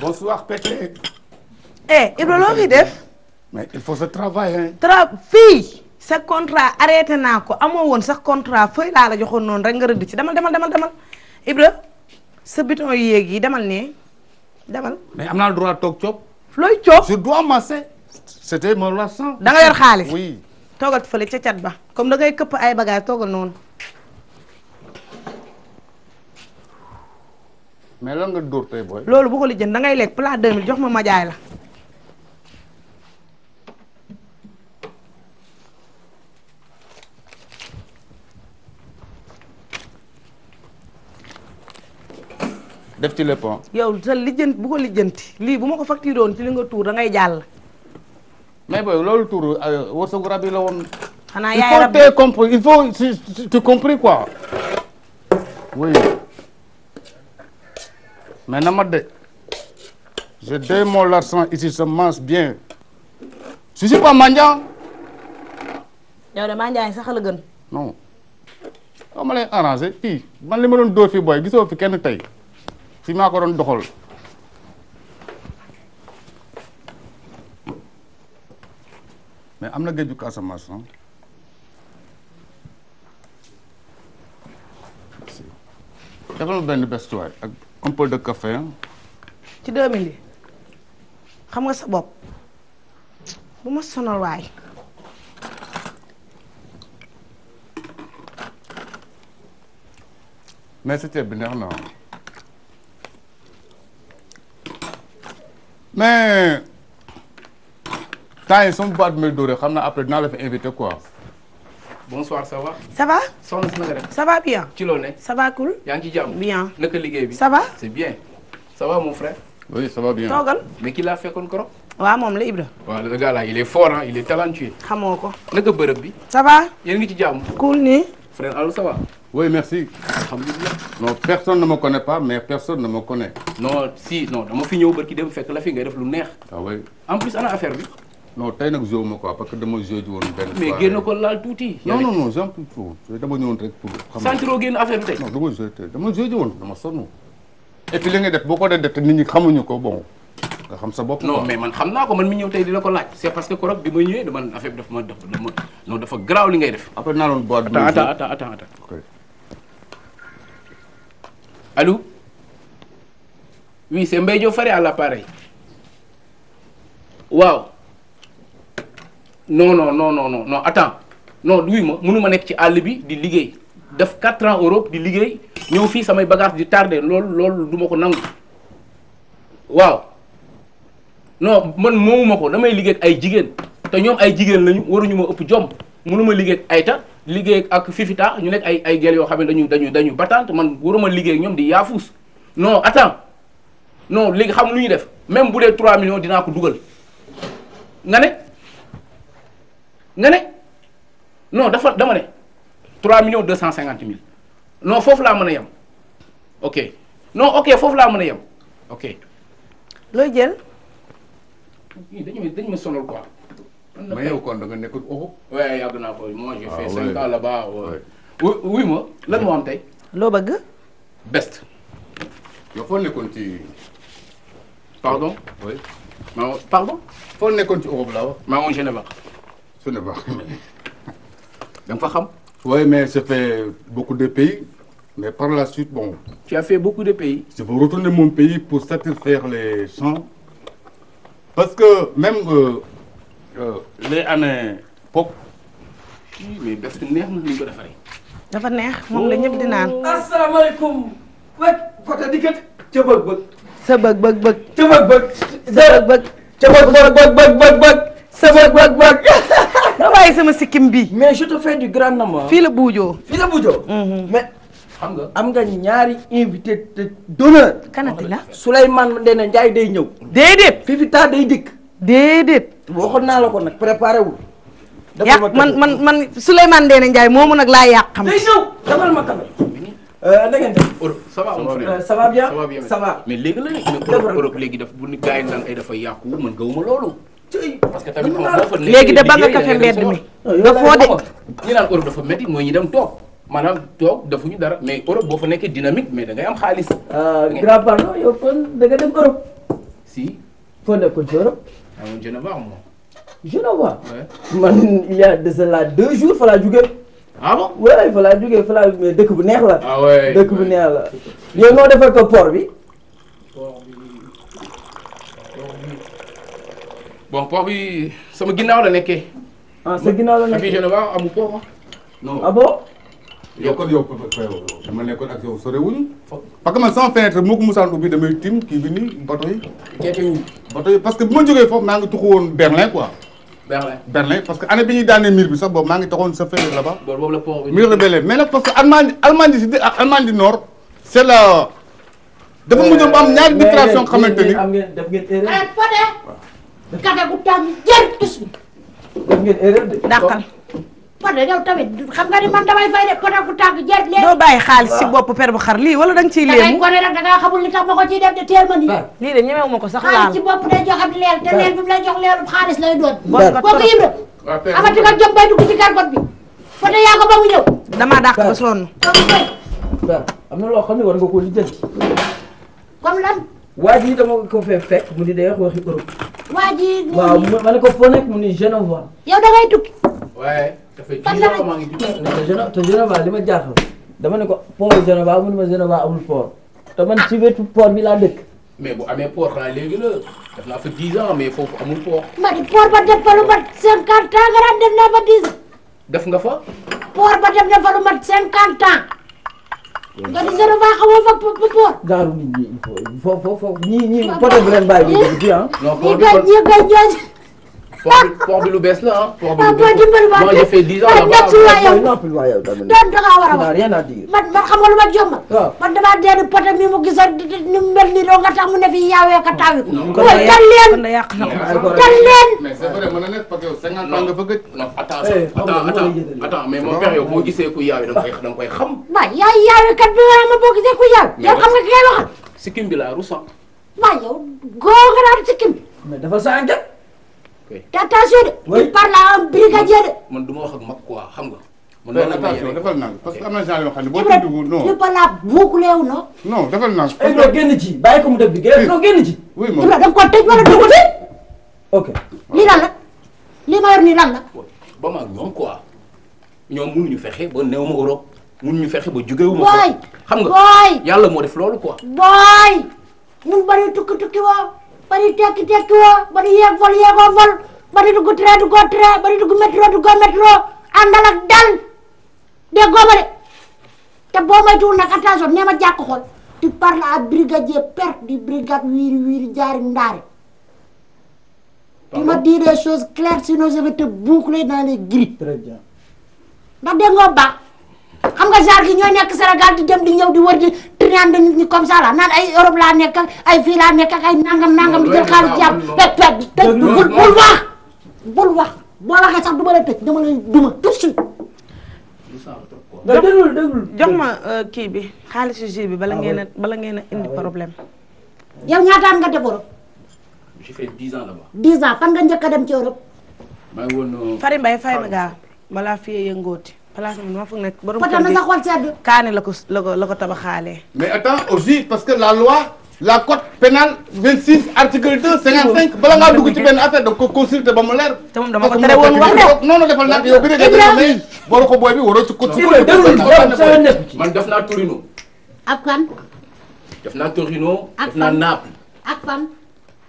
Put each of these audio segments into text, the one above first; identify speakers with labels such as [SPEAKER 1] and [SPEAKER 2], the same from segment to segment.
[SPEAKER 1] Bonsoir Pété.
[SPEAKER 2] eh Ibra loo fi def.
[SPEAKER 1] mais il faut se travailler.
[SPEAKER 2] tra fii sa contrat arrêté naa ko amoo woon sax contrat feuille laa la joxoon noonu rek nga rëdd ci demal demal demal demal sa biton yéeg yi demal ne demal.
[SPEAKER 1] mais am naa droit toog
[SPEAKER 2] coob. looy coob je dois masser. c'était mon laçon. da nga yor xaalis oui. toogal ba comme da ngay këpp ay bagage toogal noonu.
[SPEAKER 1] mais lan nga dóor tey booy. loolu
[SPEAKER 2] bu ko lijjën da ngay lekk plat 2000 jox ma ma la. def ci lépp ah. yow sa lijjanti bu ko lijjanti lii bu ma ko facturé woon ci li nga tuur da ngay jàll.
[SPEAKER 1] mais booy loolu tuur euh, wërsëgu rab yi la woon.
[SPEAKER 2] xanaa yaay rab il faut
[SPEAKER 1] compris il faut tu compris quoi. oui mais na ma de je donne mon argent ici se mange bien je suis pas mendiant.
[SPEAKER 2] yow de mendiant sax la gën.
[SPEAKER 1] non xaw ma lay arrangé man li ma doon dóor fii booy gisoo fi kenn tey. fi maa ko doon doxal mais am na géeju Casamance defal ma benn bestuwaay ak un peu de café
[SPEAKER 2] ci deux mille xam nga sa bopp bu ma sonal waay
[SPEAKER 1] mais sa ceeb bi neex na mais temps yi sama baat may dóoree xam na après dinaa la fa invité quoi. bonsoir ça va. ça va. soxna si naka def. ça va bien. ci loolu ne. ça yaa ngi ci jàmm. bien naka liggéey bi. ça va. c'est bien. ça va mon frère. oui ça va bien. toogal. mais ki laa fekkoon korop. waaw moom la Ibra. waaw le gars là il est fort ah il est talentueux. xamoo ko. naka bërëb bi. ça va. ngi ci jàmm. cool Frère Alou, ça va Oui, merci. Alhamdulillah. Non, personne ne me connaît pas, mais personne ne me connaît. Non, si, non, je suis venu qui me fait la fin, je suis Ah oui En plus, on a affaire. Non, tu n'as pas quoi, parce que je suis joué ben. Mais tu n'as pas tout Non, non, non, j'en peux trop. Je suis venu pour. Sans trop gagner affaire peut-être Non, je suis joué. Je suis joué. Je suis Et puis, ce que tu as fait, tu ne sais pas. Bon. no xam sa bopp. non mais man xam naa ko man mi ñëw tey di la ko laaj. c'est parce que korok bi ma ñëwee dama affaire bi dafa ma dafa dama non dafa garaaw li ngay def. après naa doon boîte. attends attends attends attends. ok allô. oui c'est Mbaye Diop Fary à l'appareil. waaw. no non non non non non attends non ma mënu ma nekk ci àll bi di liggéey def quatre ans Europe di liggéey ñëw fii samay bagage di tardé loolu lool du ma ko nangu waaw non man moomuma ko damay liggéey ak ay jigéen te ñoom ay jigéen lañu waruñu ma ëpp jom mënuma liggéey ak ayta liggéey ak fifita ñu nekk ay ay gel yoo xam ne dañu dañu dañu man waruma liggéey ak ñoom di yaafuus non attends non léegi xam lu ñu def même bu dee 3 millions dinaa ko dugal nga ne nga ne noo dafa dama ne 3 millions 250 mille non foofu laa mën a yem ok non ok foofu laa mën a yem ok. dañu dañu ma sonal quoi. mais yow kon da nga nekkul Europe. waaye yàgg naa ko moi j'ai ah, fait cinq ans là-bas. wuy moo am tey. loo bëgg. best. yow foo nekkoon ci. pardon. oui ma pardon. foo nekkoon ci Europe laa wax. maa fa xam. oui mais j'ai fait beaucoup de pays. mais par la suite bon. tu as fait beaucoup de pays. je veux retourner mon pays pour satisfaire les gens. parce que même euh, euh, les années pop kii mais bés neex na ñu ko defaree.
[SPEAKER 2] dafa neex moom la ñëpp di naan. Oh. asalaamaaleykum.
[SPEAKER 1] wéy côté di kat ca bëg-bëg. sa bëg-bëg. ca bëg-bëg. sa
[SPEAKER 2] bëg-bëg. ca bëg-bëg. sa bëg-bëg. nga bàyyi sama sikkim bi mais je te fais du grand amour. fii la buujoo. fii la buujoo. Mm-hmm. mais. xam nga am nga ñaari invité d'honneur. kanati la Souleymane Ndéné Ndiaye day ñëw. déedéet Fifita day dikk. déedéet. waxoon naa la ko nag préparé wul. yàq man man man Souleymane Ndéné Ndiaye moomu nag laa yàq. xam nga day ñëw demal ma kafe.
[SPEAKER 1] Euh, na ngeen def. ça va ça va bien léegi la Europe Europe léegi daf bu ni gars yi naan ay dafa loolu. parce que tamit léegi de ba nga kafe mbedd dafa métti mooy ñi dem toog maanaam toog defuñu dara mais Europe boo fa nekkee dynamique mais da ngay am xaalis. Euh, grand pardon yow da nga dem Europe. si. foo nekkoon ci Europe. de cela deux jours fa laa ah bon oui fa laa jugee dëkk bu neex la. Ah dëkk bu neex la. yow noo defar ko port bi. port bon port bi sama ginnaaw la nekkee. ah sa ginnaaw la nekkee mais Genova amu port ah. non yow kon yow kon fa yow dama nekkoon ak yow sorewuñu. parce que man sama fenêtre moo ko musaan ubbi damay tim kii bi nii bato yi. keetuñu. bato parce que bu ma foofu maa ngi tuxu woon Berlin quoi. Berlin parce que année bi ñuy daanee mur bi sax boobu maa ngi taxoon sa fenêtre là-bas. loolu boobu la pont bi mur de Berlin mais nag parce que Allemagne Allemagne du Sud ak Allemagne dafa mujjoon ba am ñaari ni am ngeen def ngeen erreur. ay
[SPEAKER 3] Fodé. waaw kàddu gu tàng jër tus pare yow tamit xam nga ni man damay fay de pare ku tàgg jeet léegi. doo bàyyi xaalis si bopp per bu xar lii wala danga ciy léemu. da ngay gone rek da ngaa xamul li tax ma ko ciy def de teel ma nii. lii de ñemewu ma ko sax laal xaalis si bopp day joxe di leel te leel bi mu lay jox leelum xaalis lay doon. bon nga trop kooku yëg la.
[SPEAKER 1] waaw tey amati nga
[SPEAKER 3] jom bay dugg ci gargot bi. fa te yaa ko ba mu ñëw. damaa dàq ba sonn.
[SPEAKER 2] waaw am na loo xam ne war nga koo lijjanti. comme lan. waa ji dama ko fee fekk mu ni day wax waxi Europe.
[SPEAKER 3] waa ji. waaw
[SPEAKER 1] ma ne ko foo nekk mu ni Genova.
[SPEAKER 3] yow da ngay tukki.
[SPEAKER 1] waaye. fan la la te Genova li ma jaaxal dama ne ko port Genova amul ma Genova amul port te man ci wetu port bi laa dëkk. mais bu amee port xanaa léegi la def naa fa 10 ans mais foofu amul port.
[SPEAKER 3] ma di port ba def fa lu mat 50 ans nga daan def naa fa 10. def nga fa. port ba def na fa lu mat 50 ans. nga di Genova xamoo fa port.
[SPEAKER 1] gaaru nit ñi foofu foofu ñii ñii côté bu leen bàyyi. Ah. ñii ñii ñii ñii ñii port bi lu bees la a ah. port bi lu ah, bees la a j'ai fait 10 ans là-bas. rien à dire.
[SPEAKER 3] ma jombal. Ah. man damaa mu gisoon ni mel nii doo nga tax ne fii yaawee ka taawi ko. dal leen
[SPEAKER 1] dal leen. mais c'est vrai mën na nekk parce fa gëj. Eh, boo gisee ku yaawee da koy da nga koy xam.
[SPEAKER 3] bi wala ma boo gisee ku yaaw. yow xam nga ki ngay
[SPEAKER 1] sikkim bi laa rusa.
[SPEAKER 3] waaw nga naan sikkim.
[SPEAKER 1] sa te
[SPEAKER 3] attention de. oui tu parles à de.
[SPEAKER 1] man du ma wax ak mag quoi xam nga. man loolu la may defal naa am na genre yoo xam ne boo tudd wu non Ibra
[SPEAKER 3] la buukule wu
[SPEAKER 1] non. non defal naa ko. Eh, non génn ci bàyyi ko mu def liggéey non génn ci. oui moom Ibra ok lii lan la lii ma yor nii lan la. ba ma ñoom quoi ñoom mënuñu fexe ba new ma Europe ñu fexe ba jugee wu ma. booy xam nga yàlla moo def loolu quoi.
[SPEAKER 3] booy mun bari tukki tukki waaw. bari tekki tekki woo bari yeeg vol yeegoo vol bari dugg train duggoo train bari dugg métro duggoo métro àndal dal déggoo ma de te boo moytuwul nag attention nee ma jàkk xool tu parles à brigadier per di brigade wiiri wiiri jaari ndaare
[SPEAKER 1] tu me dis des
[SPEAKER 3] choses claires sinon je vais te boucler dans les grilles très bien ndax déggoo baax xam nga genre gi ñooy nekk Sénégal di dem di ñëw di wër di firnaan nit ñi comme ça la naan ay Europe laa nekk ak ay fii laa nekk ak ay nangam nangam di jël xaalis jàpp teg teg teg bul bul wax bul wax boo waxee sax duma la tëj dama lay duma tout de
[SPEAKER 2] suite déglu déglu jox ma euh, kii bi xaalisu jus bi bala ah ngeen a bala ngeen a indi ah problème yow ñaata am nga def Europe
[SPEAKER 1] j'ai fait dix ans là-bas
[SPEAKER 3] dix ans fan nga njëkk a dem ci Europe
[SPEAKER 1] maa ngi woon euh,
[SPEAKER 3] Fari Mbaye fay ma gaa
[SPEAKER 2] balaa fiyee yëngooti place bi ma foog ne la ko la
[SPEAKER 1] mais attends aussi parce que la loi la code pénal 26 article 2 55 bala ngaa dugg ci benn affaire da ko consulter ba mu leer. te moom ko tere woon wax de non non defal naa yow bi naa Torino. ak fan. def naa Torino. ak fan def naa Naples. ak fan.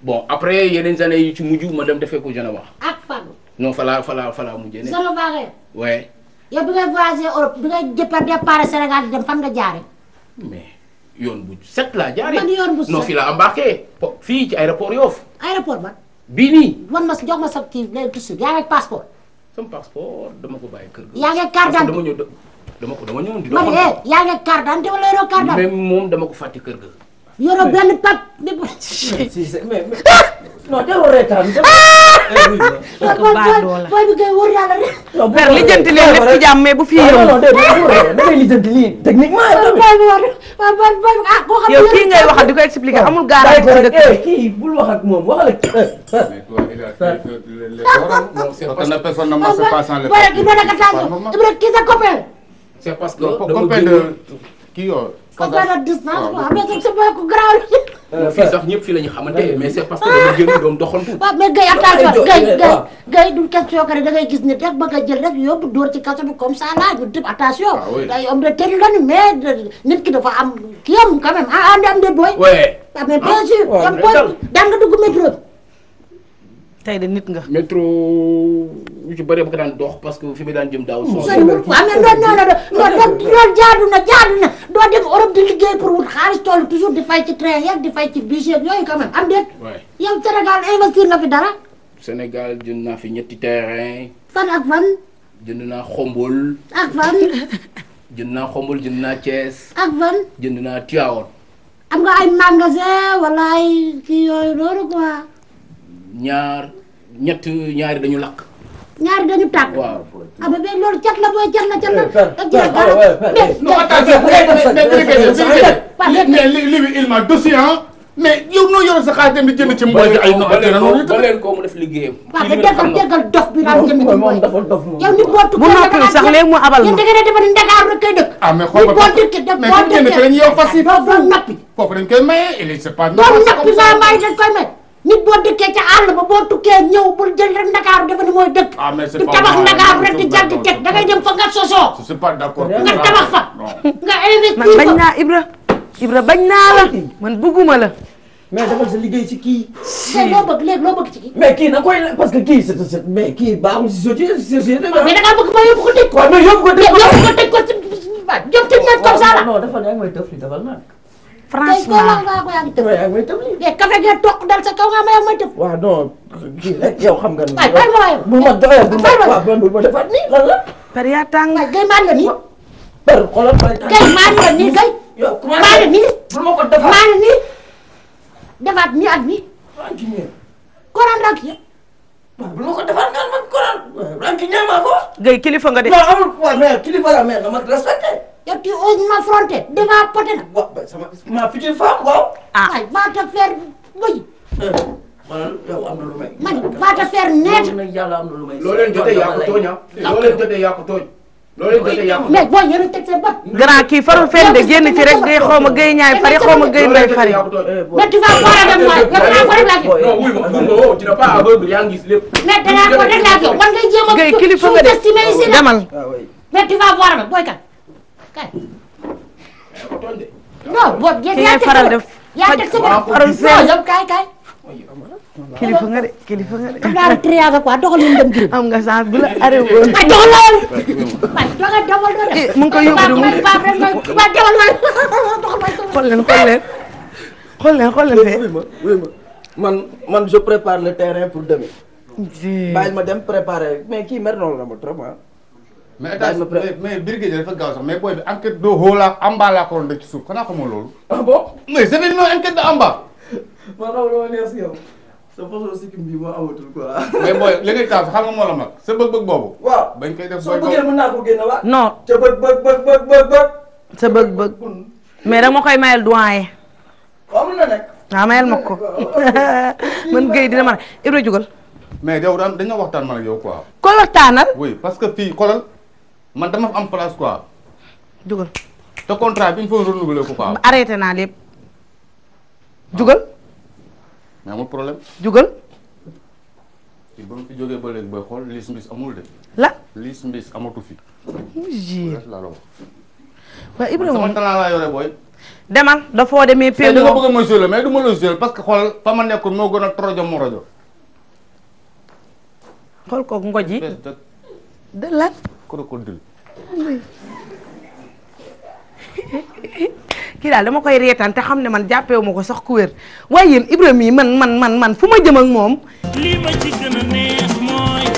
[SPEAKER 1] bon après yeneen années yi ci mujj ma dem defee ko Genova. ak fan. non fa laa fa laa
[SPEAKER 3] fa yow bi ngay voyagé Europe bi ngay départ départ Sénégal di dem fan nga jaare
[SPEAKER 1] mais yoon bu set laa jaare man yoon bu set non fii la embarqué. fii ci aéroport Yoff. aéroport man. bii nii.
[SPEAKER 3] wan ma jox ma sa kii léegi tout de suite yaa ngi passeport.
[SPEAKER 1] sama passeport dama ko bàyyi kër
[SPEAKER 3] ga. yaa ngi carte d'identité dama
[SPEAKER 1] ñëw dama ko dama ñëw. di doon man eh,
[SPEAKER 3] yaa ngi carte
[SPEAKER 1] moom dama ko fàtte kër ga.
[SPEAKER 3] yoro benn pap ne bu. Ah! non jarul ah! eh reetaan booy bi
[SPEAKER 2] kay bu fi yomb. non da ngay lijjanti a techniquement.
[SPEAKER 3] Ah,
[SPEAKER 1] yow kii ngay waxal di ko expliquer amul gaaraay ci dëkk
[SPEAKER 3] eh, bul wax ak moom waxal ak. Eh,
[SPEAKER 1] mais c'est parce que. kii oh, parce que la
[SPEAKER 3] distance ko garaaw
[SPEAKER 1] la. fii sax ñëpp fii la ñu xamante mais c'est parce que dama génn doom doxantu.
[SPEAKER 3] waaw mais Guèye attention Guèye Guèye Guèye du question que da ngay gis nit rek bëgg a jël rek yóbbu dóor ci kaso bi comme ça là ñu tëb attention. day ah, homme de terre lañu mais nit ki dafa am kii am quand am de ah, booy. oui ah mais ah, bien sûr. waaw
[SPEAKER 1] daan nga dugg métro tey de nit nga. métro yu ci bëree daan dox parce que fi mu daan jëm daaw. soo soo doon loolu jaadu na jaadu na doo dem Europe di liggéey pour
[SPEAKER 3] wut xaalis toll toujours di fay ci train yeeg di fay ci bus yooyu quand même am déet. waay yow Sénégal investir na fi dara.
[SPEAKER 1] Sénégal jënd naa fi ñetti terrain. fan ak fan. jënd naa Xombol. ak fan. jënd naa Xombol jënd naa Thiès. ak fan. jënd naa Tivaouane.
[SPEAKER 3] am nga ay magasin wala kii yooyu loolu quoi.
[SPEAKER 1] ñaar ñett ñaari dañu lakk.
[SPEAKER 3] ñaari dañu tàkk. waaw ah mais loolu cat la booy cat la cat ak jërëjëf waaw
[SPEAKER 1] mais non attends mais li li il m'a dossier sa xaalis dem di jënd ci mbooy bi ay no ak ko mu def liggéeyam waaw ni bootu ko sax léegi fas yi
[SPEAKER 3] foofu noppi foofu dañ koy maye il est pas noppi sa mbaay dañ koy maye nit boo dëkkee ca àll ba boo tukkee ñëw bul jël rek Ndakaaru defe ni mooy dëkk.
[SPEAKER 1] ah mais c'est pas tabax Ndakaaru rek di nga sosoo. nga tabax fa.
[SPEAKER 3] nga
[SPEAKER 2] investir Ibra Ibra bañ naa la man bëgguma la. mais defal sa liggéey ci kii. mais loo bëgg léegi loo bëgg ci kii. mais kii na koy parce que kii c'est mais kii baaxul si société société. mais da ngaa bëgg ma yóbbu ko tëj ko. waaw mais yóbbu
[SPEAKER 3] franchement tey kafe gee toq dal sa kaw nga may ak ma tëb. waaw non kii rek yow xam nga. waay bal ma bu ma doyee bu ma waaw bu ma defaat nii lan la. par yaa tàng. waay gay maan la nii. par xoolal par gay maan la nii gay. yow comment maan la nii. bu ma ko defaat maan la nii. defaat nii ak nii. koraan rek yëpp. waaw bu ma ko defaat nga man koraan. waaw maa ko. gay kilifa nga de. non amul waaw mais kilifa la mais dama respecté. et tu oses m'affronter devant pote na. waaw ba sama
[SPEAKER 1] ma future femme waaw.
[SPEAKER 3] ah waay va te faire
[SPEAKER 1] bëy. Eh, man yow am na lu may.
[SPEAKER 3] man va te faire net. man yàlla am na lu may. loo leen jotee
[SPEAKER 1] yaa ko tooñ ah. loo leen jotee yaa ko
[SPEAKER 2] tooñ. loo leen jotee yaa ko tooñ. mais
[SPEAKER 3] boo yéen a teg seen bopp. grand kii farul fenn de génn ci rek day xaw ma gëy
[SPEAKER 2] ñaay fari xaw ma gëy mbay fari. Eh, mais tu vas voir avec moi yow danaa ko réglage.
[SPEAKER 1] non wuy ma wuy ma woo dina pas aveugle yaa ngi gis lépp. mais danaa ko réglage yow man ngay jéem a. gëy kilifa nga de demal ah,
[SPEAKER 3] mais tu vas voir avec boykat kay. non boobu yéen yaa faral def yaa teg sa bopp yow kay kay. kilifa nga de kilifa am nga sens bu la arrêté woon. ma ah, doxal la woon. ma doxal doxal doxal. mu ngi koy yóbbu de mu ngi koy yóbbu
[SPEAKER 2] ma leen xool man man le
[SPEAKER 1] terrain pour demain. ma dem préparer mais kii mer noonu la mais état mais Birgit dafa gaaw sax mais booy bi enquête de Hola Amba laa ko doon def ci suuf xanaa xamoo loolu. ah bon mais c' est une enquête de Amba. ma xaw loo neex si yow. sa façon sikkim bi moo amatul quoi. mais booy li ngay taal xam nga moo la mag sa bëg-bëg boobu. waaw bañ koy def booy boobu soo bëggee mën
[SPEAKER 2] naa ko génne waat.
[SPEAKER 1] non sa bëg-bëg bëg bëg bëg. sa bëg-bëg.
[SPEAKER 2] mais dama koy mayal doyen. waaw mun na nekk. waaw ah, mayal ma ko man Guèye dina ma ne
[SPEAKER 1] Ibra jugal. mais yow daan dañoo waxtaan man ak yow quoi. ko waxtaanal. oui parce que fii xoolal man dama am place quoi. jugal te contrat bi il faut renouveler ko quoi.
[SPEAKER 2] arrêté naa lépp.
[SPEAKER 1] jugal. mais amul problème. jugal. ci ba mu jógee ba léegi booy xool liis mbis amul de. la liis mbis amatu fi. jii waaw Ibrahima sama talent laa yore booy. demal
[SPEAKER 2] dafoo demee. pay nga bëgg ma
[SPEAKER 1] jouer mais du ma parce que xool fa ma nekkul moo gën a torojo mu rajo. xool kooku ngoj
[SPEAKER 2] yi crocodile. kii daal dama koy reetaan te xam ne man jàppewu ma ko sax ku wér waaye yéen Ibrahima yi man man man man fu ma jëm moom.
[SPEAKER 3] lii ma ci gën